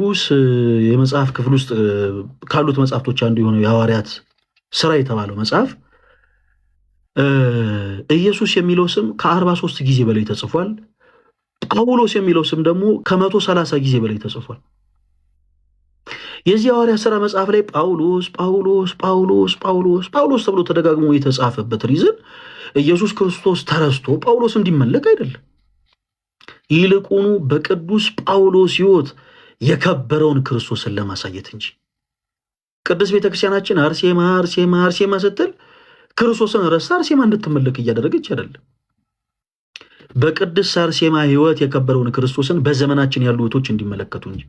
ቅዱስ የመጽሐፍ ክፍል ውስጥ ካሉት መጽሐፍቶች አንዱ የሆነው የሐዋርያት ስራ የተባለው መጽሐፍ ኢየሱስ የሚለው ስም ከአርባ ሶስት ጊዜ በላይ ተጽፏል። ጳውሎስ የሚለው ስም ደግሞ ከመቶ ሰላሳ ጊዜ በላይ ተጽፏል። የዚህ ሐዋርያት ስራ መጽሐፍ ላይ ጳውሎስ ጳውሎስ ጳውሎስ ጳውሎስ ጳውሎስ ተብሎ ተደጋግሞ የተጻፈበት ሪዝን ኢየሱስ ክርስቶስ ተረስቶ ጳውሎስ እንዲመለክ አይደለም። ይልቁኑ በቅዱስ ጳውሎስ ሕይወት የከበረውን ክርስቶስን ለማሳየት እንጂ ቅድስት ቤተክርስቲያናችን አርሴማ አርሴማ አርሴማ ስትል ክርስቶስን ረሳ አርሴማ እንድትመለክ እያደረገች አይደለም። በቅድስት አርሴማ ሕይወት የከበረውን ክርስቶስን በዘመናችን ያሉ እህቶች እንዲመለከቱ እንጂ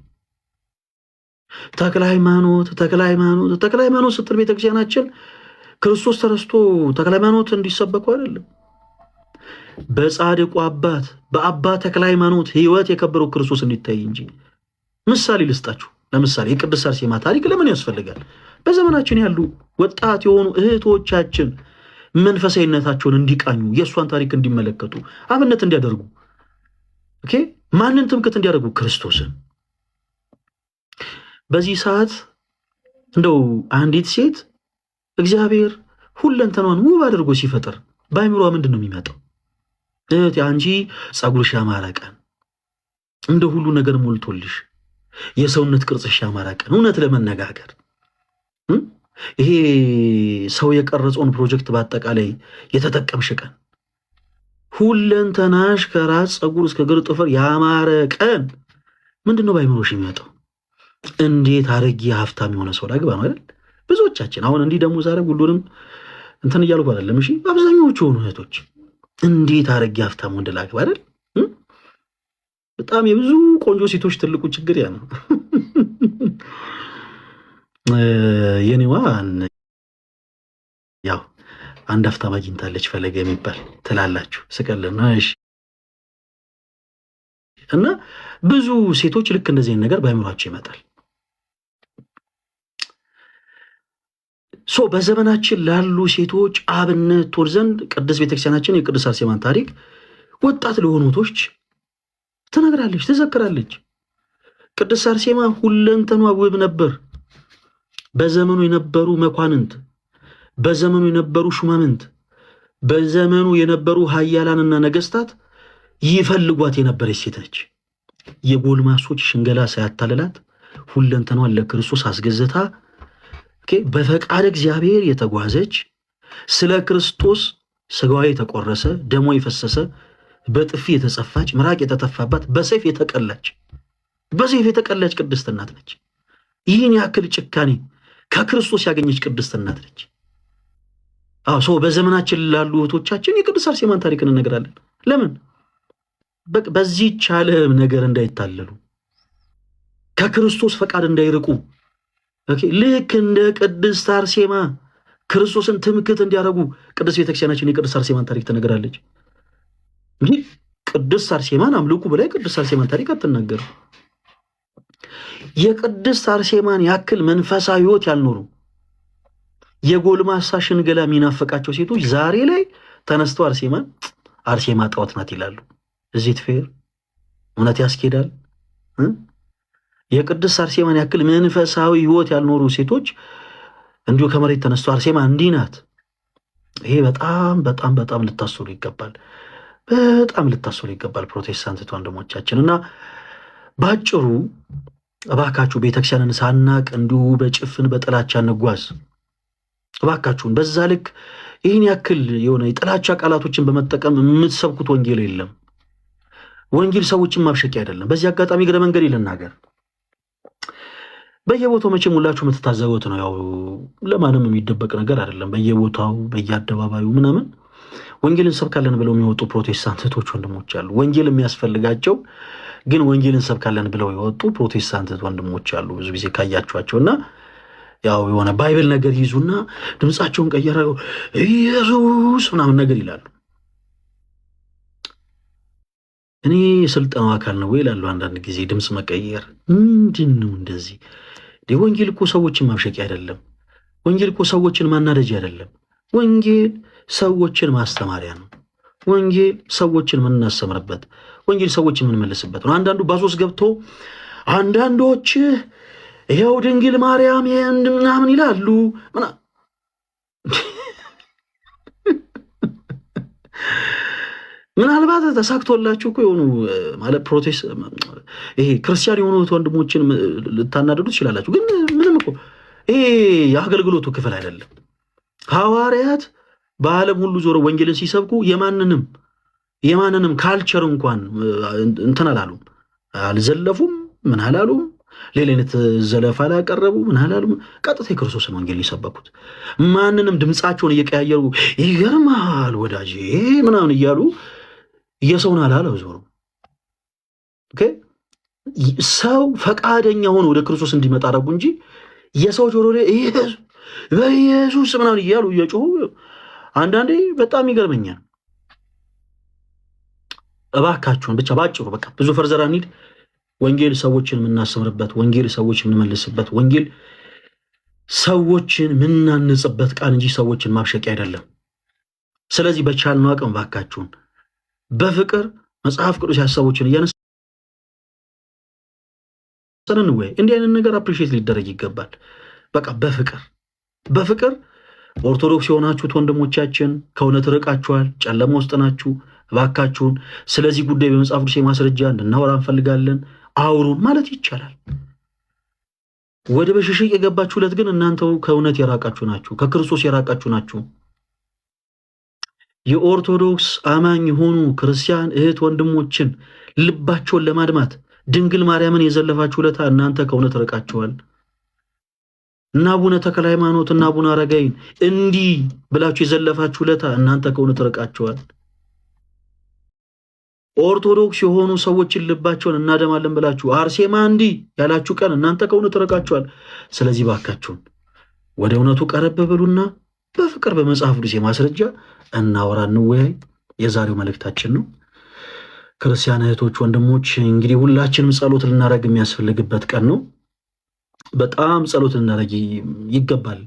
ተክለ ሃይማኖት ተክለ ሃይማኖት ተክለ ሃይማኖት ስትል ቤተክርስቲያናችን ክርስቶስ ተረስቶ ተክለ ሃይማኖት እንዲሰበኩ አይደለም። በጻድቁ አባት በአባ ተክለ ሃይማኖት ሕይወት የከበረው ክርስቶስ እንዲታይ እንጂ ምሳሌ ልስጣችሁ። ለምሳሌ የቅድስት አርሴማ ታሪክ ለምን ያስፈልጋል? በዘመናችን ያሉ ወጣት የሆኑ እህቶቻችን መንፈሳዊነታቸውን እንዲቃኙ፣ የእሷን ታሪክ እንዲመለከቱ፣ አብነት እንዲያደርጉ፣ ኦኬ ማንን ትምክት እንዲያደርጉ ክርስቶስን። በዚህ ሰዓት እንደው አንዲት ሴት እግዚአብሔር ሁለንተኗን ውብ አድርጎ ሲፈጥር በአይምሯ ምንድን ነው የሚመጣው? እህቴ አንቺ ፀጉርሽ ያማረ ቀን እንደ ሁሉ ነገር ሞልቶልሽ የሰውነት ቅርጽሽ ያማረ ቀን እውነት ለመነጋገር ይሄ ሰው የቀረጸውን ፕሮጀክት በአጠቃላይ የተጠቀምሽ ቀን ሁለንተናሽ ከራስ ፀጉር እስከ ግር ጥፍር ያማረ ቀን ምንድን ነው በአይምሮሽ የሚመጣው? እንዴት አረጊ ሀብታም የሆነ ሰው ላግባ ነው አይደል? ብዙዎቻችን አሁን እንዲህ ደግሞ ዛሬ ሁሉንም እንትን እያልኩ አይደለም። እሺ አብዛኛዎቹ የሆኑ እህቶች እንዴት አረጊ ሀብታም ወንድ ላግባ አይደል በጣም የብዙ ቆንጆ ሴቶች ትልቁ ችግር ያ ነው። የኔዋ ያው አንድ ሀፍታም አግኝታለች ፈለገ የሚባል ትላላችሁ ስቀልና እሺ። እና ብዙ ሴቶች ልክ እንደዚህ ነገር በአእምሯቸው ይመጣል። ሶ በዘመናችን ላሉ ሴቶች አብነት ትሆን ዘንድ ቅድስት ቤተክርስቲያናችን የቅድስት አርሴማን ታሪክ ወጣት ለሆኑቶች ትነግራለች፣ ትዘክራለች። ቅድስት አርሴማ ሁለንተኗ ውብ ነበር። በዘመኑ የነበሩ መኳንንት፣ በዘመኑ የነበሩ ሹማምንት፣ በዘመኑ የነበሩ ሀያላንና ነገስታት ይፈልጓት የነበረች ሴት ነች። የጎልማሶች ሽንገላ ሳያታልላት ሁለንተኗን ለክርስቶስ አስገዝታ በፈቃድ እግዚአብሔር የተጓዘች ስለ ክርስቶስ ስጋዋ የተቆረሰ ደሞ የፈሰሰ በጥፊ የተጸፋች ምራቅ የተተፋባት በሰይፍ የተቀላች በሰይፍ የተቀላች ቅድስት እናት ነች። ይህን ያክል ጭካኔ ከክርስቶስ ያገኘች ቅድስት እናት ነች። አዎ ሰው በዘመናችን ላሉ እህቶቻችን የቅድስት አርሴማን ታሪክ እንነግራለን። ለምን በዚህ ቻለ ነገር እንዳይታለሉ ከክርስቶስ ፈቃድ እንዳይርቁ ልክ እንደ ቅድስት አርሴማ ክርስቶስን ትምክት እንዲያደርጉ ቅድስት ቤተክርስቲያናችን የቅድስት አርሴማን ታሪክ ትነግራለች። እንጂ ቅድስት አርሴማን አምልኩ ብላይ ቅድስት አርሴማን ታሪክ አትናገር። የቅድስት አርሴማን ያክል መንፈሳዊ ህይወት ያልኖሩ የጎልማሳ ሽንገላ የሚናፈቃቸው ሴቶች ዛሬ ላይ ተነስተው አርሴማን አርሴማ ጣዖት ናት ይላሉ። እዚህ ትፌር እውነት ያስኬዳል። የቅድስት አርሴማን ያክል መንፈሳዊ ህይወት ያልኖሩ ሴቶች እንዲሁ ከመሬት ተነስቶ አርሴማ እንዲህ ናት። ይሄ በጣም በጣም በጣም ልታስሩ ይገባል። በጣም ልታስሉ ይገባል ፕሮቴስታንት ወንድሞቻችን። እና በአጭሩ እባካችሁ ቤተክርስቲያንን ሳናቅ እንዲሁ በጭፍን በጥላቻ እንጓዝ እባካችሁን። በዛ ልክ ይህን ያክል የሆነ የጥላቻ ቃላቶችን በመጠቀም የምትሰብኩት ወንጌል የለም። ወንጌል ሰዎችን ማብሸቂያ አይደለም። በዚህ አጋጣሚ እግረ መንገድ ልናገር። በየቦታው መቼም ሁላችሁ የምትታዘቡት ነው። ያው ለማንም የሚደበቅ ነገር አይደለም። በየቦታው በየአደባባዩ ምናምን ወንጌልን ሰብካለን ብለው የሚወጡ ፕሮቴስታንት እህቶች ወንድሞች አሉ። ወንጌል የሚያስፈልጋቸው ግን ወንጌልን ሰብካለን ብለው የወጡ ፕሮቴስታንት እህት ወንድሞች አሉ። ብዙ ጊዜ ካያችኋቸውና ያው የሆነ ባይብል ነገር ይዙና ድምፃቸውን ቀየረ ኢየሱስ ምናምን ነገር ይላሉ። እኔ የስልጠናው አካል ነው ወይ ይላሉ። አንዳንድ ጊዜ ድምፅ መቀየር ምንድን ነው እንደዚህ? ወንጌል እኮ ሰዎችን ማብሸቂ አይደለም። ወንጌል እኮ ሰዎችን ማናደጅ አይደለም። ወንጌል ሰዎችን ማስተማሪያ ነው። ወንጌል ሰዎችን የምናስተምርበት፣ ወንጌል ሰዎችን የምንመልስበት ነው። አንዳንዱ ባሶስ ገብቶ አንዳንዶች ይኸው ድንግል ማርያም ምናምን ይላሉ። ምናልባት ተሳክቶላችሁ እኮ የሆኑ ማለት ይሄ ክርስቲያን የሆኑት ወንድሞችን ልታናደዱ ትችላላችሁ። ግን ምንም እኮ ይሄ የአገልግሎቱ ክፍል አይደለም ሐዋርያት በዓለም ሁሉ ዞሮ ወንጌልን ሲሰብኩ የማንንም የማንንም ካልቸር እንኳን እንትን አላሉም፣ አልዘለፉም፣ ምን አላሉም። ሌላ አይነት ዘለፋ አላቀረቡ፣ ምን አላሉም። ቀጥታ የክርስቶስን ወንጌል የሰበኩት ማንንም ድምፃቸውን እየቀያየሩ ይገርማል ወዳጅ ምናምን እያሉ የሰውን አላለው ዞሮ ሰው ፈቃደኛ ሆኖ ወደ ክርስቶስ እንዲመጣ አረጉ እንጂ የሰው ጆሮ ላይ በኢየሱስ ምናምን እያሉ እየጮሁ አንዳንዴ በጣም ይገርመኛል። እባካችሁን ብቻ ባጭሩ በቃ ብዙ ፈርዘር ወንጌል ሰዎችን የምናስምርበት ወንጌል ሰዎች የምንመልስበት፣ ወንጌል ሰዎችን የምናንጽበት ቃል እንጂ ሰዎችን ማብሸቂያ አይደለም። ስለዚህ በቻልነው አቅም እባካችሁን በፍቅር መጽሐፍ ቅዱስ ያሰቦችን እያነሳ ወይ እንዲህ አይነት ነገር አፕሪሺየት ሊደረግ ይገባል። በቃ በፍቅር በፍቅር ኦርቶዶክስ የሆናችሁት ወንድሞቻችን ከእውነት ርቃችኋል፣ ጨለማ ውስጥ ናችሁ። እባካችሁን ስለዚህ ጉዳይ በመጽሐፍ ቅዱስ ማስረጃ እንድናወራ እንፈልጋለን፣ አውሩን ማለት ይቻላል። ወደ በሽሽቅ የገባችሁለት ግን እናንተው ከእውነት የራቃችሁ ናችሁ፣ ከክርስቶስ የራቃችሁ ናችሁ። የኦርቶዶክስ አማኝ የሆኑ ክርስቲያን እህት ወንድሞችን ልባቸውን ለማድማት ድንግል ማርያምን የዘለፋችሁለታ እናንተ ከእውነት ርቃችኋል። እና አቡነ ተክለ ሃይማኖት እና አቡነ አረጋይን እንዲህ ብላችሁ የዘለፋችሁ ለታ እናንተ ከሆነ ትርቃችኋል። ኦርቶዶክስ የሆኑ ሰዎችን ልባቸውን እናደማለን ብላችሁ አርሴማ እንዲህ ያላችሁ ቀን እናንተ ከሆነ ትርቃችኋል። ስለዚህ ባካችሁን ወደ እውነቱ ቀረብ ብሉና በፍቅር በመጽሐፍ ቅዱስ ማስረጃ እናወራ፣ እንወያይ። የዛሬው መልእክታችን ነው። ክርስቲያን እህቶች፣ ወንድሞች እንግዲህ ሁላችንም ጸሎት ልናደርግ የሚያስፈልግበት ቀን ነው። በጣም ጸሎት ልናደርግ ይገባል።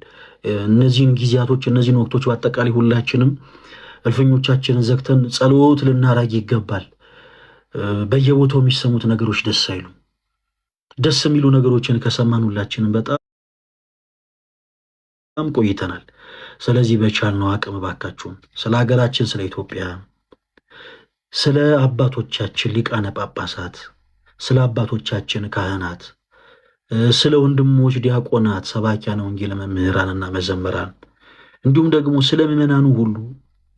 እነዚህን ጊዜያቶች እነዚህን ወቅቶች በአጠቃላይ ሁላችንም እልፈኞቻችንን ዘግተን ጸሎት ልናደርግ ይገባል። በየቦታው የሚሰሙት ነገሮች ደስ አይሉ ደስ የሚሉ ነገሮችን ከሰማን ሁላችንም በጣም ቆይተናል። ስለዚህ በቻልነው አቅም ባካችሁም ስለ ሀገራችን፣ ስለ ኢትዮጵያ፣ ስለ አባቶቻችን ሊቃነ ጳጳሳት፣ ስለ አባቶቻችን ካህናት ስለ ወንድሞች ዲያቆናት፣ ሰባኪያነ ወንጌል መምህራንና መዘመራን እንዲሁም ደግሞ ስለ ምመናኑ ሁሉ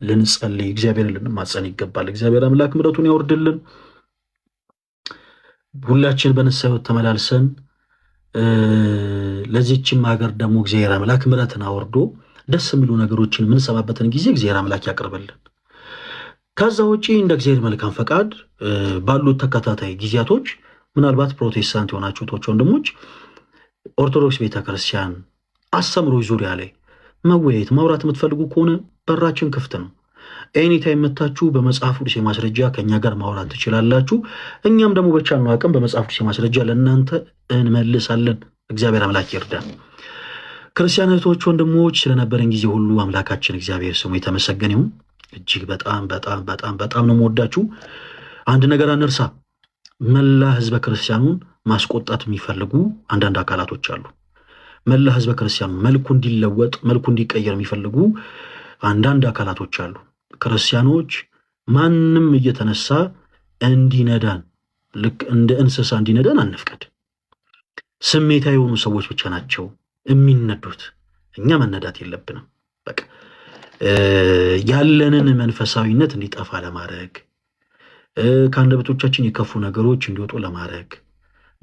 ልንጸልይ እግዚአብሔር ልንማጸን ይገባል። እግዚአብሔር አምላክ ምሕረቱን ያወርድልን። ሁላችን በንስሐ ተመላልሰን ለዚችም ሀገር ደግሞ እግዚአብሔር አምላክ ምሕረትን አወርዶ ደስ የሚሉ ነገሮችን የምንሰማበትን ጊዜ እግዚአብሔር አምላክ ያቅርብልን። ከዛ ውጪ እንደ እግዚአብሔር መልካም ፈቃድ ባሉት ተከታታይ ጊዜያቶች ምናልባት ፕሮቴስታንት የሆናችሁ እህቶች ወንድሞች ኦርቶዶክስ ቤተክርስቲያን አስተምሮ ዙሪያ ላይ መወያየት ማውራት የምትፈልጉ ከሆነ በራችን ክፍት ነው። ኤኒታ የምታችሁ በመጽሐፍ ቅዱስ ማስረጃ ከእኛ ጋር ማውራት ትችላላችሁ። እኛም ደግሞ በቻልነው አቅም በመጽሐፍ ቅዱስ ማስረጃ ለእናንተ እንመልሳለን። እግዚአብሔር አምላክ ይርዳን። ክርስቲያን እህቶች ወንድሞች፣ ስለነበረን ጊዜ ሁሉ አምላካችን እግዚአብሔር ስሙ የተመሰገነ ይሁን። እጅግ በጣም በጣም በጣም በጣም ነው የምወዳችሁ። አንድ ነገር አንርሳ። መላ ህዝበ ክርስቲያኑን ማስቆጣት የሚፈልጉ አንዳንድ አካላቶች አሉ። መላ ህዝበ ክርስቲያኑ መልኩ እንዲለወጥ መልኩ እንዲቀየር የሚፈልጉ አንዳንድ አካላቶች አሉ። ክርስቲያኖች ማንም እየተነሳ እንዲነዳን ልክ እንደ እንስሳ እንዲነዳን አንፍቀድ። ስሜታ የሆኑ ሰዎች ብቻ ናቸው የሚነዱት። እኛ መነዳት የለብንም። በቃ ያለንን መንፈሳዊነት እንዲጠፋ ለማድረግ ከአንደበቶቻችን የከፉ ነገሮች እንዲወጡ ለማድረግ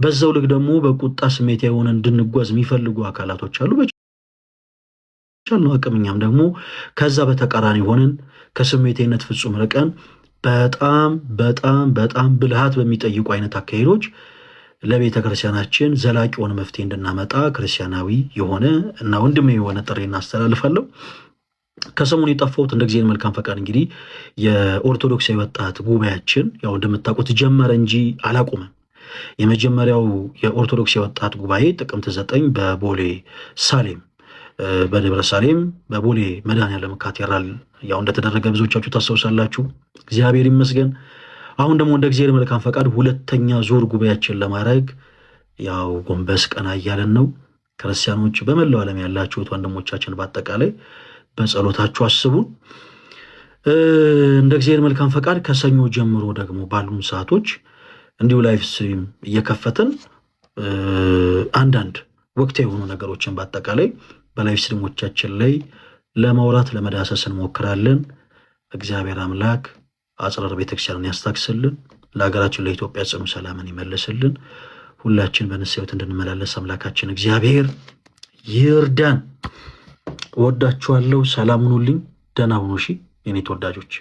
በዛው ልክ ደግሞ በቁጣ ስሜት የሆነ እንድንጓዝ የሚፈልጉ አካላቶች አሉ። በቻልነው አቅም እኛም ደግሞ ከዛ በተቃራኒ ሆነን ከስሜታዊነት ፍጹም ርቀን በጣም በጣም በጣም ብልሃት በሚጠይቁ አይነት አካሄዶች ለቤተ ክርስቲያናችን ዘላቂ የሆነ መፍትሄ እንድናመጣ ክርስቲያናዊ የሆነ እና ወንድም የሆነ ጥሪ እናስተላልፋለሁ። ከሰሞኑ የጠፋሁት እንደ ጊዜን መልካም ፈቃድ እንግዲህ የኦርቶዶክስ የወጣት ጉባኤያችን ያው እንደምታውቁት ጀመረ እንጂ አላቁመም። የመጀመሪያው የኦርቶዶክስ የወጣት ጉባኤ ጥቅምት ዘጠኝ በቦሌ ሳሌም በደብረ ሳሌም በቦሌ መድኃኔዓለም ካቴድራል ያው እንደተደረገ ብዙዎቻችሁ ታስታውሳላችሁ። እግዚአብሔር ይመስገን። አሁን ደግሞ እንደ እግዚአብሔር መልካም ፈቃድ ሁለተኛ ዙር ጉባኤያችን ለማድረግ ያው ጎንበስ ቀና እያለን ነው። ክርስቲያኖች በመላው ዓለም ያላችሁት ወንድሞቻችን በአጠቃላይ በጸሎታችሁ አስቡን። እንደ እግዚአብሔር መልካም ፈቃድ ከሰኞ ጀምሮ ደግሞ ባሉን ሰዓቶች እንዲሁ ላይፍ ስትሪም እየከፈትን አንዳንድ ወቅታዊ የሆኑ ነገሮችን በአጠቃላይ በላይፍ ስትሪሞቻችን ላይ ለማውራት ለመዳሰስ እንሞክራለን። እግዚአብሔር አምላክ አጽራር ቤተክርስቲያንን ያስታክስልን፣ ለሀገራችን ለኢትዮጵያ ጽኑ ሰላምን ይመልስልን። ሁላችን በንስሐ ሕይወት እንድንመላለስ አምላካችን እግዚአብሔር ይርዳን። እወዳችኋለሁ። ሰላም ሁኑልኝ። ደህና ሁኑ። እሺ የኔ ተወዳጆች